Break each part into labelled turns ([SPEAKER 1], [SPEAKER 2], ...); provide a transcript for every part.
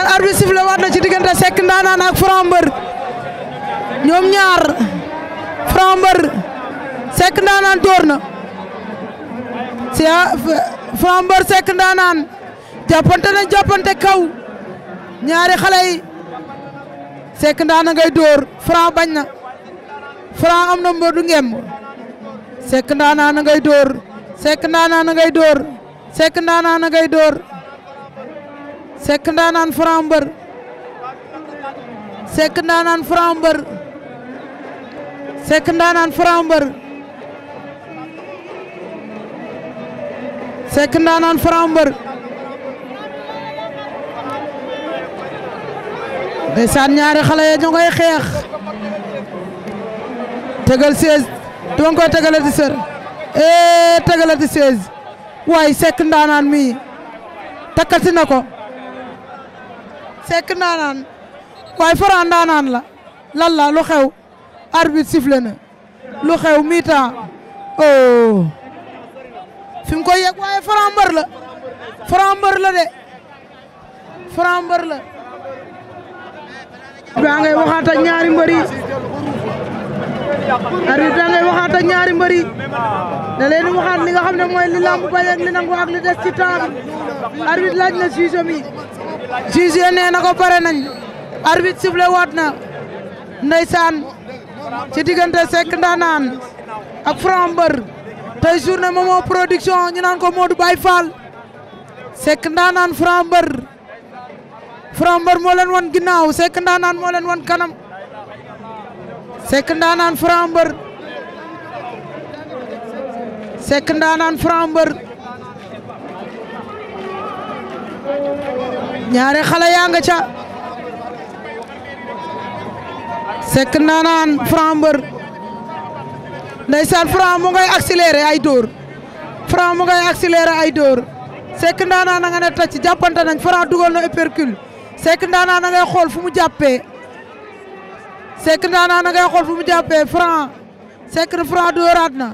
[SPEAKER 1] ndeysaan arbitre sifflé waat na ci diggante Seck Ndanane ak Franc Mbeur ñoom ñaar Franc Mbeur Seck Ndanane door na si Franc Mbeur Seck Ndanane jàppante nañ jàppante kaw ñaari xale yi Seck Ndanane ngay door Franc bañ na Franc am na mbër du ngemb Seck Ndanane ngay door Seck Ndanane ngay door Seck Ndanane ngay door Seck ndaanaan Franc mbër Seck ndaanaan Franc mbër Seck ndaanaan Franc mbër Seck ndaanaan Franc mbër ñaari xale ya ñu ngay xeex tegal 16 doon koy tegalati sër ee eh, tegalati 16 waaye Seck ndaanaan mi takkati na ko sekk ndaanaan waaye Franc ndaanaan la lan la lu xew arbitre sifflé na lu xew mi-temps oh fi mu waaye Franc mbër la Franc mbër la de Franc mbër la baa ngay waxaat ñaari mbër yi arbitre baa ñaari mbër yi da waxaat li nga xam ne mooy li lamb bañ ak li nangu ak li des ci temps laaj na suisom yi juge nee na ko pare nañ arbitre sifflé waat na ndeysaan ci diggante Seck Ndanane ak Franc Mbeur tey journée Momo production ñu naan ko Modou Baye Fall Seck Ndanane Franc wan ginnaaw Seck Ndanane moo leen wan kanam Seck Ndanane Franc Mbeur Seck Ndanane ñaare xale yaa nga ca sekk naanaan Franc mbër ndeysaan Franc mu ngay accéléré ay dóor Franc mu ngay accéléré ay dóor sekk naanaan a nga ne tacc jàppante nañ Franc dugal na uppercut sekk naanaan a ngay xool fu mu jàppee sekk naanaan a ngay xool fu mu jàppee Franc sekk Franc dóoraat na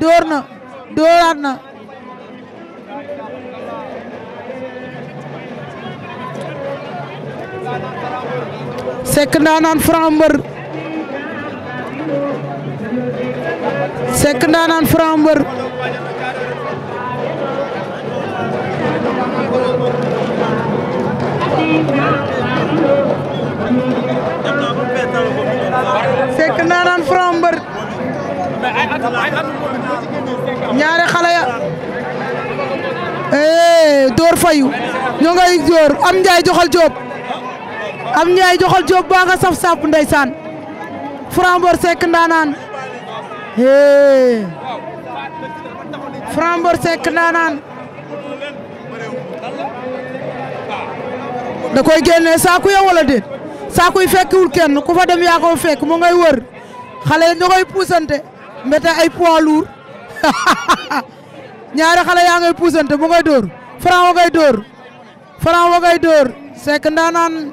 [SPEAKER 1] dóor na dóoraat na Seck ndaanaan Franc mbër Seck ndaanaan Franc mbër Seck ndaanaan Franc mbër ñaari xale ya eh door fayu ñoo ngay door am njaay joxal joob am Ndiaye joxal Diop baa nga saf sap ndeysaan Franc Mbeur Seck ndaanaan hee Franc Mbeur Seck ndaanaan da koy génne saaku ya wala déet saaku yi fekkiwul kenn ku fa dem yaa ko fekk mu ngay wër xale yi ñu puusante mbete ay poids lourd ñaari xale yaa ngay puusante mu ngay dóor Franc ngay dóor Franc ndaanaan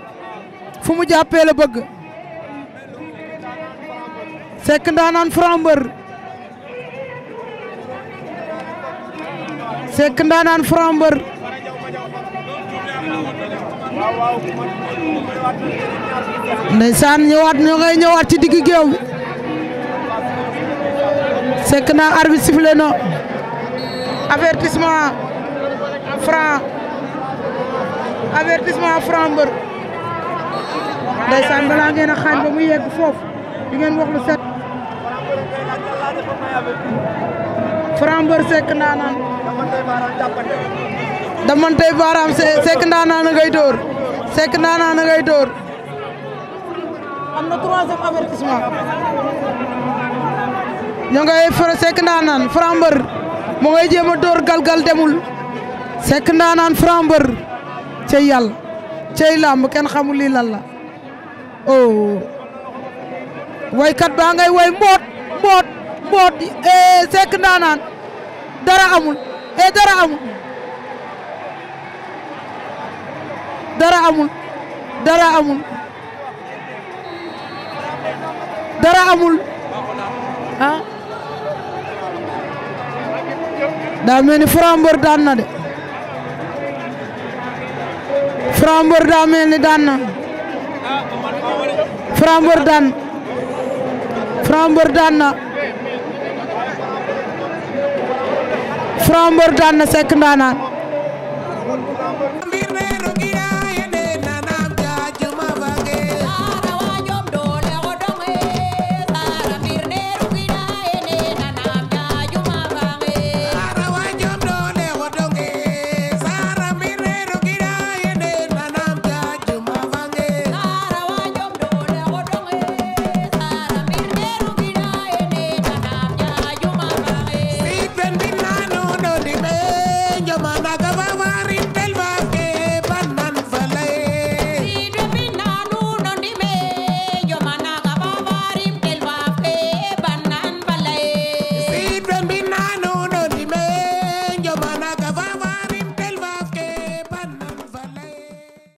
[SPEAKER 1] fu mu jàppee la bëgg Seck ndaanaan Franc mbër Seck ndaanaan Franc mbër ndeysaan ñëwaat ñoo ngay ñëwaat ci digg géew Seck na arbitre sifflé na avertissement Franc avertissement mbër ndeysaan balaa ngeen a xaañ ba mu yegg foofu di ngeen wax lu set Franc Mbeur Seck Ndanane damantey baaraam Seck Ndanane ngay dóor Seck Ndanane ngay dóor am na troisième avertissement ñoo ngay Seck Ndanane Franc Mbeur mu jéem a dóor galgal demul sekk ndaanaan Franc Mbeur cey yàlla cey làmb kenn xamul lii lan la oh waykat baa ngay way mboot mboot mboot eh Seck Ndanane dara amul eh dara amul dara amul dara amul dara amul ah daa mel ni Franc Mbeur daan de Franc Mbeur daa mel ni daan Franc Mbeur daan Franc Mbeur daan na Franc Mbeur daan na Sekk Ndaanaan